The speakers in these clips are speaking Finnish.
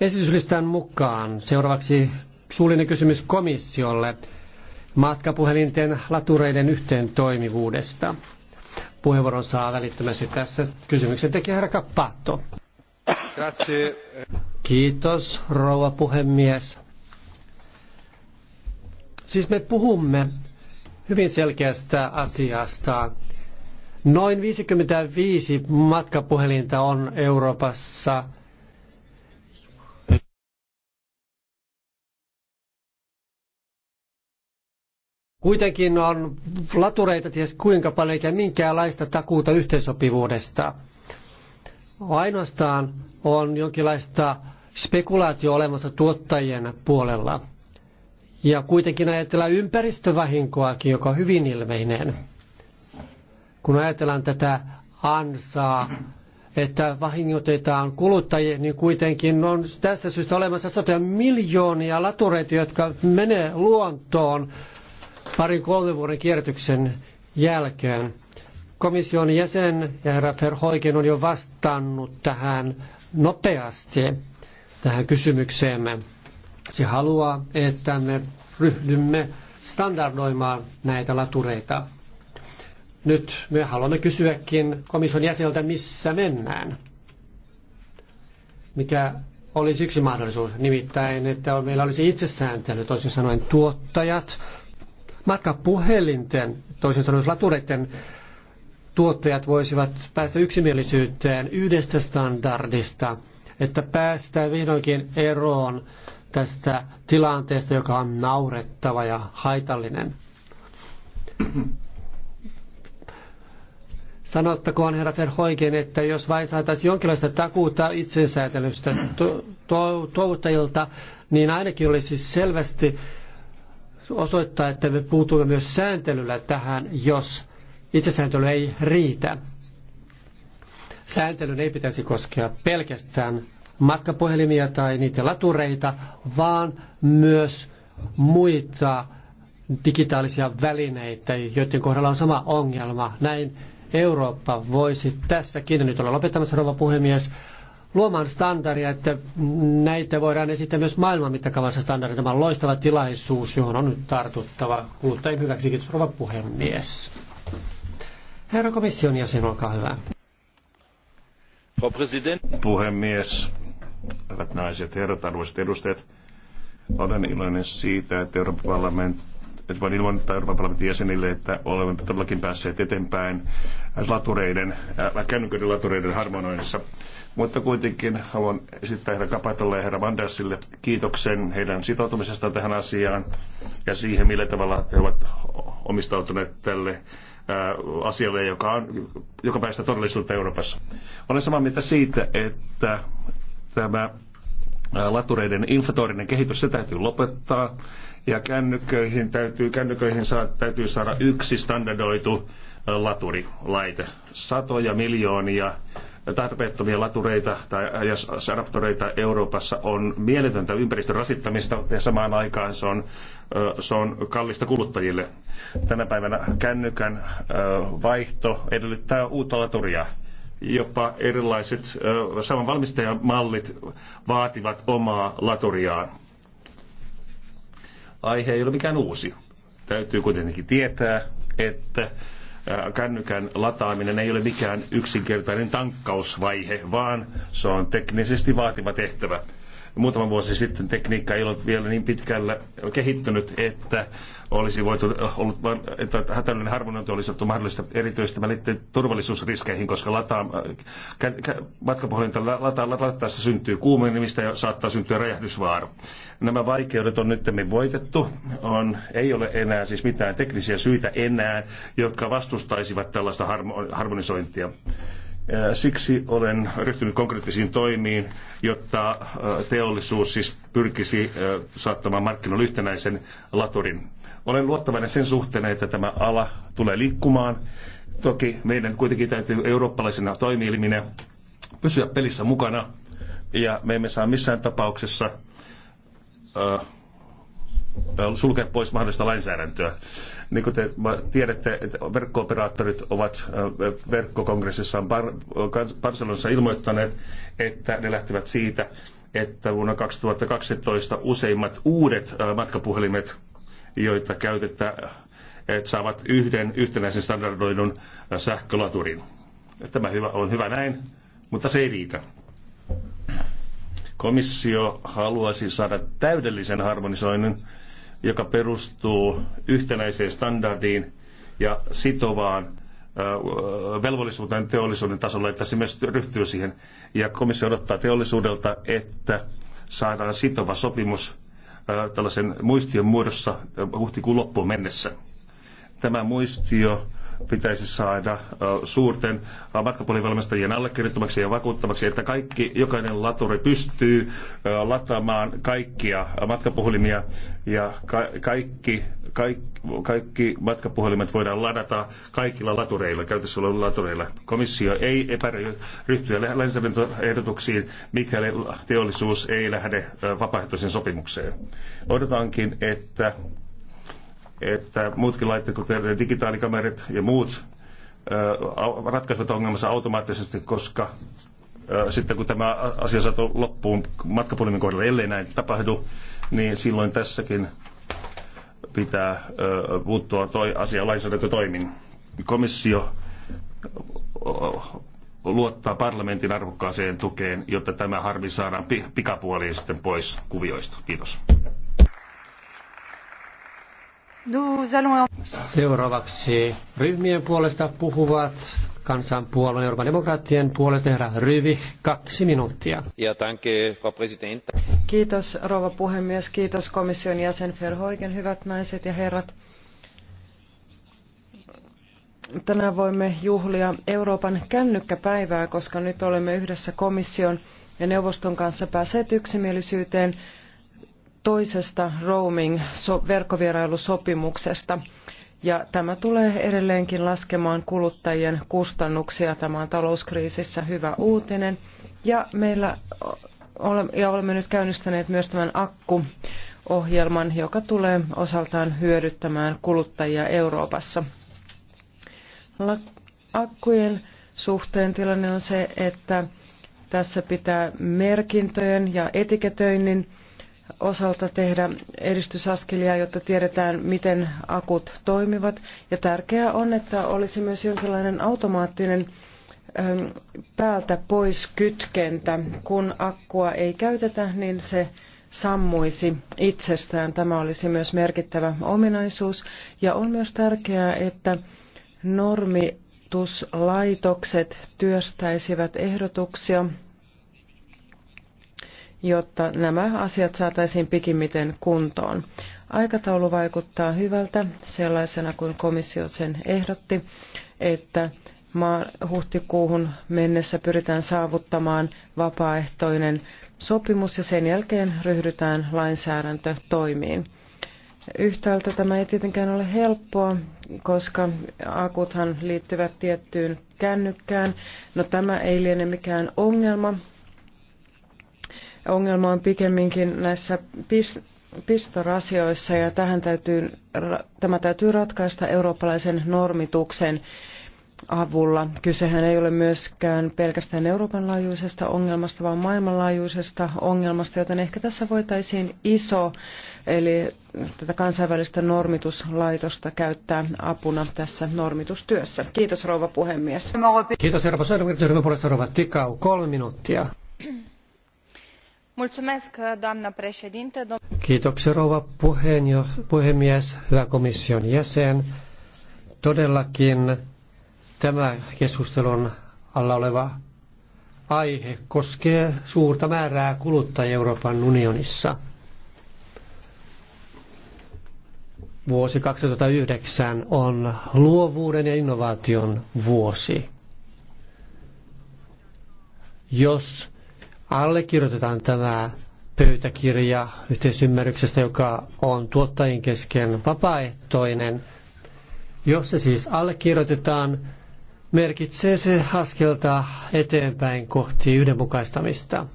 esityslistan mukaan. Seuraavaksi suullinen kysymys komissiolle matkapuhelinten latureiden yhteen toimivuudesta. Puheenvuoron saa välittömästi tässä kysymyksen tekijä herra Kappaatto. Kiitos, rouva puhemies. Siis me puhumme hyvin selkeästä asiasta. Noin 55 matkapuhelinta on Euroopassa – Kuitenkin on latureita ties kuinka paljon eikä minkäänlaista takuuta yhteensopivuudesta. Ainoastaan on jonkinlaista spekulaatio olemassa tuottajien puolella. Ja kuitenkin ajatellaan ympäristövahinkoakin, joka on hyvin ilmeinen. Kun ajatellaan tätä ansaa, että vahingotetaan kuluttajia, niin kuitenkin on tästä syystä olemassa satoja miljoonia latureita, jotka menee luontoon parin kolmen vuoden kierrätyksen jälkeen. Komission jäsen ja herra Verhoiken on jo vastannut tähän nopeasti tähän kysymykseemme. Se haluaa, että me ryhdymme standardoimaan näitä latureita. Nyt me haluamme kysyäkin komission jäseneltä, missä mennään. Mikä olisi yksi mahdollisuus, nimittäin, että meillä olisi itsesääntely, toisin sanoen tuottajat, matkapuhelinten, toisin sanoen latureiden tuottajat voisivat päästä yksimielisyyteen yhdestä standardista, että päästään vihdoinkin eroon tästä tilanteesta, joka on naurettava ja haitallinen. Sanottakoon herra Verhoiken, että jos vain saataisiin jonkinlaista takuuta itsensäätelystä tuottajilta, niin ainakin olisi selvästi osoittaa, että me puutumme myös sääntelyllä tähän, jos itsesääntely ei riitä. Sääntelyn ei pitäisi koskea pelkästään matkapuhelimia tai niitä latureita, vaan myös muita digitaalisia välineitä, joiden kohdalla on sama ongelma. Näin Eurooppa voisi tässäkin, nyt olla lopettamassa rouva puhemies, luomaan standardia, että näitä voidaan esittää myös maailman mittakaavassa standardia. Tämä on loistava tilaisuus, johon on nyt tartuttava kuluttajien hyväksi. Kiitos rouva puhemies. Herra komission jäsen, olkaa hyvä. Puhemies, hyvät naiset, herrat, arvoisat edustajat. Olen iloinen siitä, että Euroopan parlamentti nyt voin ilmoittaa Euroopan parlamentin jäsenille, että olemme todellakin päässeet eteenpäin äh, latureiden, äh, kännyköiden latureiden harmonoinnissa. Mutta kuitenkin haluan esittää herra Kapatolle ja herra Vandersille kiitoksen heidän sitoutumisestaan tähän asiaan ja siihen, millä tavalla he ovat omistautuneet tälle äh, asialle, joka, on, joka päästä todellisuutta Euroopassa. Olen samaa mieltä siitä, että tämä latureiden inflatorinen kehitys, se täytyy lopettaa ja kännyköihin täytyy, kännyköihin saa, täytyy saada yksi standardoitu laturilaite. Satoja miljoonia tarpeettomia latureita tai adaptoreita Euroopassa on mieletöntä ympäristön rasittamista ja samaan aikaan se on, se on kallista kuluttajille. Tänä päivänä kännykän vaihto edellyttää uutta laturia. Jopa erilaiset saman valmistajamallit vaativat omaa laturiaan Aihe ei ole mikään uusi. Täytyy kuitenkin tietää, että äh, kännykän lataaminen ei ole mikään yksinkertainen tankkausvaihe, vaan se on teknisesti vaativa tehtävä muutama vuosi sitten tekniikka ei ollut vielä niin pitkällä kehittynyt, että olisi voitu, ollut, että hätäinen harmonointi olisi ollut mahdollista erityisesti liittyy turvallisuusriskeihin, koska lataa, kä, kä, matkapuhelinta lataa, lataessa syntyy kuumenemista ja saattaa syntyä räjähdysvaara. Nämä vaikeudet on nyt voitettu. On, ei ole enää siis mitään teknisiä syitä enää, jotka vastustaisivat tällaista harmonisointia. Siksi olen ryhtynyt konkreettisiin toimiin, jotta teollisuus siis pyrkisi saattamaan markkinoille yhtenäisen laturin. Olen luottavainen sen suhteen, että tämä ala tulee liikkumaan. Toki meidän kuitenkin täytyy eurooppalaisena toimielimine pysyä pelissä mukana ja me emme saa missään tapauksessa sulkea pois mahdollista lainsäädäntöä. Niin kuin te tiedätte, että verkkooperaattorit ovat verkkokongressissaan Barcelonassa ilmoittaneet, että ne lähtevät siitä, että vuonna 2012 useimmat uudet matkapuhelimet, joita käytetään, että saavat yhden yhtenäisen standardoidun sähkölaturin. Tämä on hyvä näin, mutta se ei riitä. Komissio haluaisi saada täydellisen harmonisoinnin joka perustuu yhtenäiseen standardiin ja sitovaan velvollisuuteen teollisuuden tasolla, että se myös ryhtyy siihen. Ja komissio odottaa teollisuudelta, että saadaan sitova sopimus tällaisen muistion muodossa huhtikuun loppuun mennessä. Tämä muistio pitäisi saada suurten matkapuolivalmistajien allekirjoittamaksi ja vakuuttamaksi, että kaikki, jokainen laturi pystyy lataamaan kaikkia matkapuhelimia ja ka- kaikki, ka- kaikki matkapuhelimet voidaan ladata kaikilla latureilla, käytössä olevilla latureilla. Komissio ei epäröi ryhtyä lainsäädäntöehdotuksiin, mikäli teollisuus ei lähde vapaaehtoisen sopimukseen. Odotankin, että että muutkin laitteet, kuten digitaalikamerat ja muut, ratkaisivat ongelmansa automaattisesti, koska sitten kun tämä asia saatu loppuun matkapuhelimen kohdalla, ellei näin tapahdu, niin silloin tässäkin pitää puuttua toi asia lainsäädäntötoimin. Komissio luottaa parlamentin arvokkaaseen tukeen, jotta tämä harmi saadaan pikapuoliin sitten pois kuvioista. Kiitos. Seuraavaksi ryhmien puolesta puhuvat kansanpuolueen Euroopan demokraattien puolesta herra Ryvi, kaksi minuuttia. Ja danke, Frau Kiitos rouva puhemies, kiitos komission jäsen Verhoiken, hyvät naiset ja herrat. Tänään voimme juhlia Euroopan kännykkäpäivää, koska nyt olemme yhdessä komission ja neuvoston kanssa päässeet yksimielisyyteen toisesta roaming-verkkovierailusopimuksesta. Ja tämä tulee edelleenkin laskemaan kuluttajien kustannuksia. Tämä on talouskriisissä hyvä uutinen. Ja meillä ja olemme nyt käynnistäneet myös tämän akkuohjelman, joka tulee osaltaan hyödyttämään kuluttajia Euroopassa. Akkujen suhteen tilanne on se, että tässä pitää merkintöjen ja etiketöinnin osalta tehdä edistysaskelia, jotta tiedetään, miten akut toimivat. Ja tärkeää on, että olisi myös jonkinlainen automaattinen ähm, päältä pois kytkentä. Kun akkua ei käytetä, niin se sammuisi itsestään. Tämä olisi myös merkittävä ominaisuus. Ja on myös tärkeää, että normituslaitokset työstäisivät ehdotuksia jotta nämä asiat saataisiin pikimmiten kuntoon. Aikataulu vaikuttaa hyvältä sellaisena kuin komissio sen ehdotti, että huhtikuuhun mennessä pyritään saavuttamaan vapaaehtoinen sopimus ja sen jälkeen ryhdytään lainsäädäntötoimiin. Yhtäältä tämä ei tietenkään ole helppoa, koska akuthan liittyvät tiettyyn kännykkään. No tämä ei liene mikään ongelma, Ongelma on pikemminkin näissä pis- pistorasioissa ja tähän täytyy, tämä täytyy ratkaista eurooppalaisen normituksen avulla. Kysehän ei ole myöskään pelkästään Euroopan laajuisesta ongelmasta, vaan maailmanlaajuisesta ongelmasta, joten ehkä tässä voitaisiin iso, eli tätä kansainvälistä normituslaitosta käyttää apuna tässä normitustyössä. Kiitos rouva puhemies. Kiitos Euroopan puolesta rouva Tikau. Kolme minuuttia. Kiitoksia rouva puhemies, hyvä komission jäsen. Todellakin tämä keskustelun alla oleva aihe koskee suurta määrää kuluttajia Euroopan unionissa. Vuosi 2009 on luovuuden ja innovaation vuosi. Jos allekirjoitetaan tämä pöytäkirja yhteisymmärryksestä, joka on tuottajien kesken vapaaehtoinen. Jos se siis allekirjoitetaan, merkitsee se askelta eteenpäin kohti yhdenmukaistamista.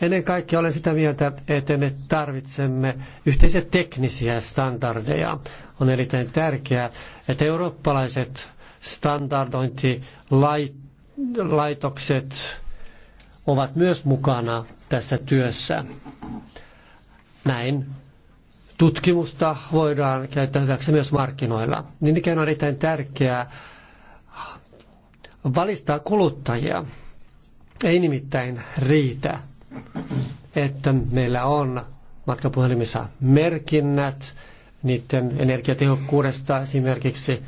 Ennen kaikkea olen sitä mieltä, että me tarvitsemme yhteisiä teknisiä standardeja. On erittäin tärkeää, että eurooppalaiset standardointilaitokset ovat myös mukana tässä työssä. Näin tutkimusta voidaan käyttää hyväksi myös markkinoilla. Niin ikään on erittäin tärkeää valistaa kuluttajia. Ei nimittäin riitä, että meillä on matkapuhelimissa merkinnät niiden energiatehokkuudesta esimerkiksi,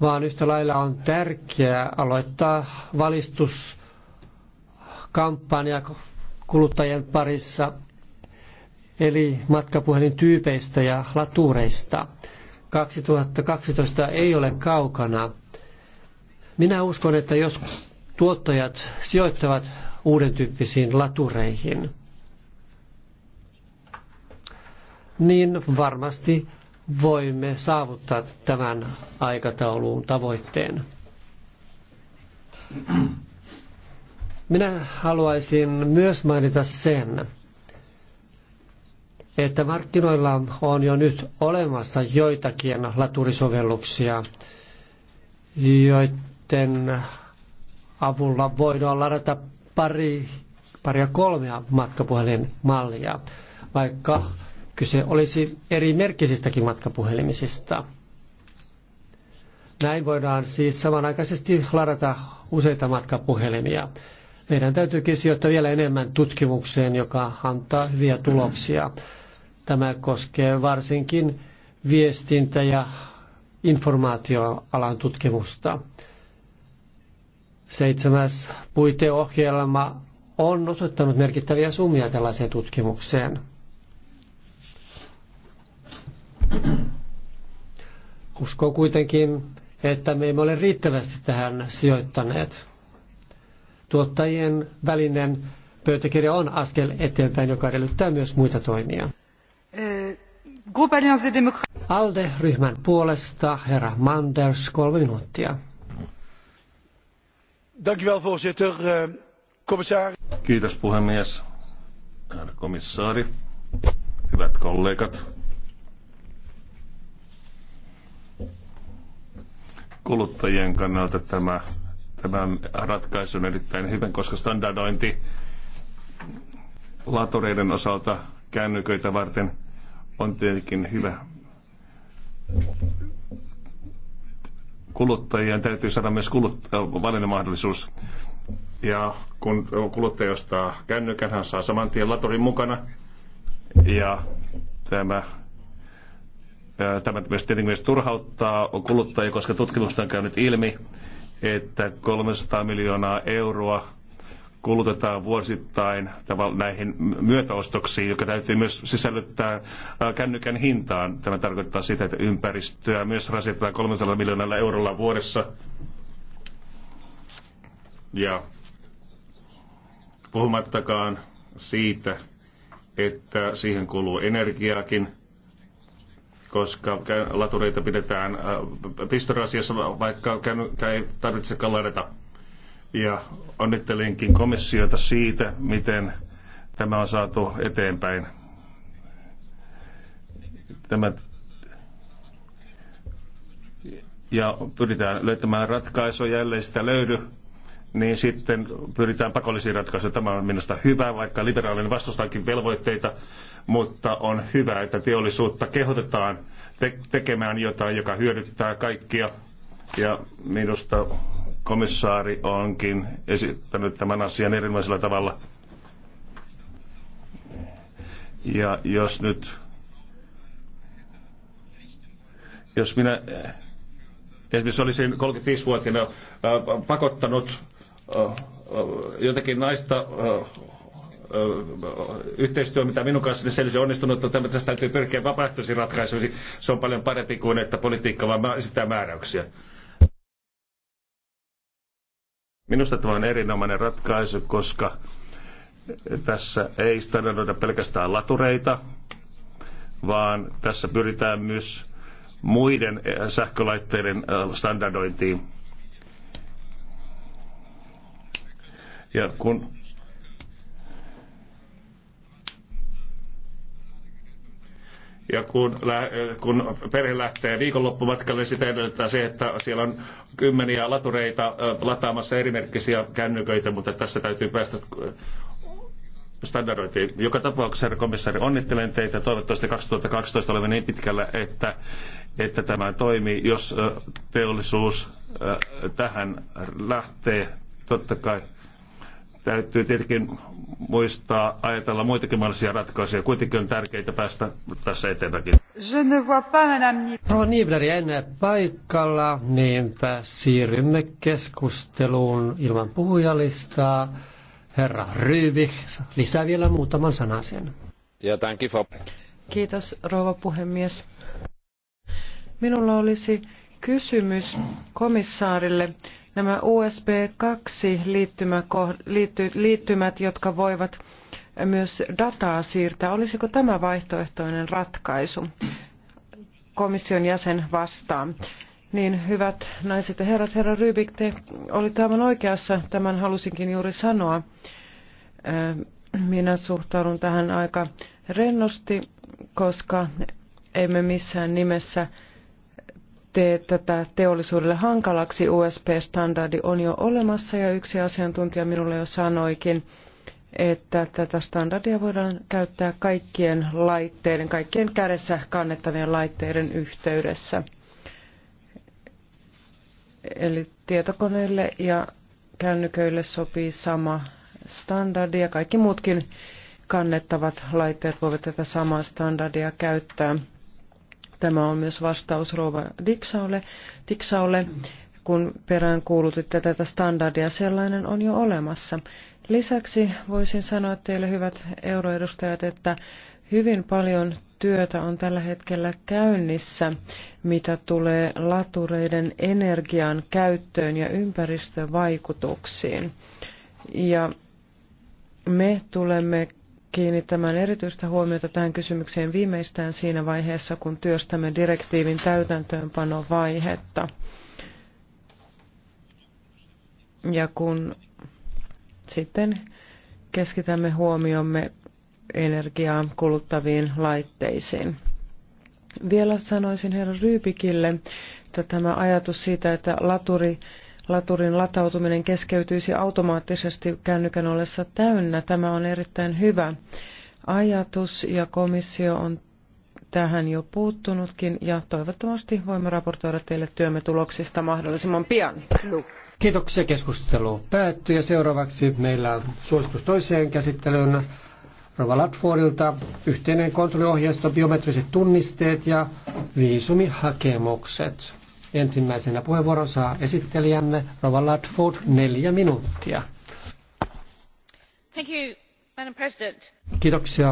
vaan yhtä lailla on tärkeää aloittaa valistus kampanja kuluttajien parissa, eli matkapuhelin tyypeistä ja latuureista. 2012 ei ole kaukana. Minä uskon, että jos tuottajat sijoittavat uuden tyyppisiin latureihin, niin varmasti voimme saavuttaa tämän aikataulun tavoitteen. Minä haluaisin myös mainita sen, että markkinoilla on jo nyt olemassa joitakin laturisovelluksia, joiden avulla voidaan ladata pari, paria kolmea matkapuhelinmallia, vaikka kyse olisi eri merkisistäkin matkapuhelimisista. Näin voidaan siis samanaikaisesti ladata useita matkapuhelimia. Meidän täytyy sijoittaa vielä enemmän tutkimukseen, joka antaa hyviä tuloksia. Tämä koskee varsinkin viestintä- ja informaatioalan tutkimusta. Seitsemäs puiteohjelma on osoittanut merkittäviä summia tällaiseen tutkimukseen. Uskon kuitenkin, että me emme ole riittävästi tähän sijoittaneet tuottajien välinen pöytäkirja on askel eteenpäin, joka edellyttää myös muita toimia. Eh, ALDE-ryhmän puolesta herra Manders, kolme minuuttia. Eh, Kiitos puhemies, herra komissaari, hyvät kollegat. Kuluttajien kannalta tämä tämän ratkaisun erittäin hyvän, koska standardointi latureiden osalta kännyköitä varten on tietenkin hyvä. Kuluttajien täytyy saada myös valinnanmahdollisuus. Ja kun kuluttaja ostaa kännykän, hän saa saman tien latorin mukana. Ja tämä Tämä myös tietenkin myös turhauttaa kuluttajia, koska tutkimusta on käynyt ilmi, että 300 miljoonaa euroa kulutetaan vuosittain näihin myötäostoksiin, joka täytyy myös sisällyttää kännykän hintaan. Tämä tarkoittaa sitä, että ympäristöä myös rasitetaan 300 miljoonalla eurolla vuodessa. Ja puhumattakaan siitä, että siihen kuluu energiaakin – koska latureita pidetään äh, pistorasiassa, vaikka ei tarvitsekaan ladata. Ja onnittelinkin komissiota siitä, miten tämä on saatu eteenpäin. Tämä ja pyritään löytämään ratkaisuja, jälleen sitä löydy, niin sitten pyritään pakollisiin ratkaisuihin. Tämä on minusta hyvä, vaikka liberaalinen vastustaakin velvoitteita, mutta on hyvä, että teollisuutta kehotetaan te- tekemään jotain, joka hyödyttää kaikkia. Ja minusta komissaari onkin esittänyt tämän asian erilaisella tavalla. Ja jos nyt, jos minä esimerkiksi olisin 35-vuotiaana äh, pakottanut äh, äh, jotakin naista yhteistyö, mitä minun kanssani niin se olisi onnistunut, että tästä täytyy pyrkiä vapaaehtoisiin ratkaisuihin. Se on paljon parempi kuin, että politiikka vaan esittää määräyksiä. Minusta tämä on erinomainen ratkaisu, koska tässä ei standardoida pelkästään latureita, vaan tässä pyritään myös muiden eh, sähkölaitteiden standardointiin. Ja kun Ja kun, kun perhe lähtee viikonloppumatkalle, sitä edellyttää se, että siellä on kymmeniä latureita lataamassa erimerkkisiä kännyköitä, mutta tässä täytyy päästä standardointiin. Joka tapauksessa, herra komissaari, onnittelen teitä. Toivottavasti 2012 olemme niin pitkällä, että, että tämä toimii, jos teollisuus tähän lähtee. Totta kai Täytyy tietenkin muistaa ajatella muitakin mahdollisia ratkaisuja. Kuitenkin on tärkeää päästä tässä eteenpäin. Je ne vois pas, madame Pro Nibler ei enää paikalla, niinpä siirrymme keskusteluun ilman puhujalistaa. Herra Ryyvih, lisää vielä muutaman sanan sen. Ja tämän kifa. Kiitos, rouva puhemies. Minulla olisi kysymys komissaarille. Nämä USB2-liittymät, jotka voivat myös dataa siirtää, olisiko tämä vaihtoehtoinen ratkaisu? Komission jäsen vastaa. Niin, hyvät naiset ja herrat, herra Rybik, te olitte aivan oikeassa, tämän halusinkin juuri sanoa. Äh, minä suhtaudun tähän aika rennosti, koska emme missään nimessä tee tätä teollisuudelle hankalaksi. USP-standardi on jo olemassa ja yksi asiantuntija minulle jo sanoikin, että tätä standardia voidaan käyttää kaikkien laitteiden, kaikkien kädessä kannettavien laitteiden yhteydessä. Eli tietokoneille ja kännyköille sopii sama standardi ja kaikki muutkin kannettavat laitteet voivat tätä samaa standardia käyttää. Tämä on myös vastaus Rova Diksaulle, Diksaulle kun peräänkuulutitte tätä standardia. Sellainen on jo olemassa. Lisäksi voisin sanoa teille, hyvät euroedustajat, että hyvin paljon työtä on tällä hetkellä käynnissä, mitä tulee latureiden energian käyttöön ja ympäristövaikutuksiin. Ja me tulemme kiinnittämään erityistä huomiota tähän kysymykseen viimeistään siinä vaiheessa, kun työstämme direktiivin täytäntöönpanovaihetta. Ja kun sitten keskitämme huomiomme energiaa kuluttaviin laitteisiin. Vielä sanoisin herra Ryypikille, että tämä ajatus siitä, että laturi laturin latautuminen keskeytyisi automaattisesti kännykän ollessa täynnä. Tämä on erittäin hyvä ajatus ja komissio on tähän jo puuttunutkin ja toivottavasti voimme raportoida teille työmme tuloksista mahdollisimman pian. Kiitoksia keskustelu päättyy ja seuraavaksi meillä on suositus toiseen käsittelyyn Rova Latfordilta yhteinen kontrolliohjeisto, biometriset tunnisteet ja viisumihakemukset. Ensimmäisenä puheenvuoron saa esittelijämme Rova Ladford neljä minuuttia. Thank you, Madam President. Kiitoksia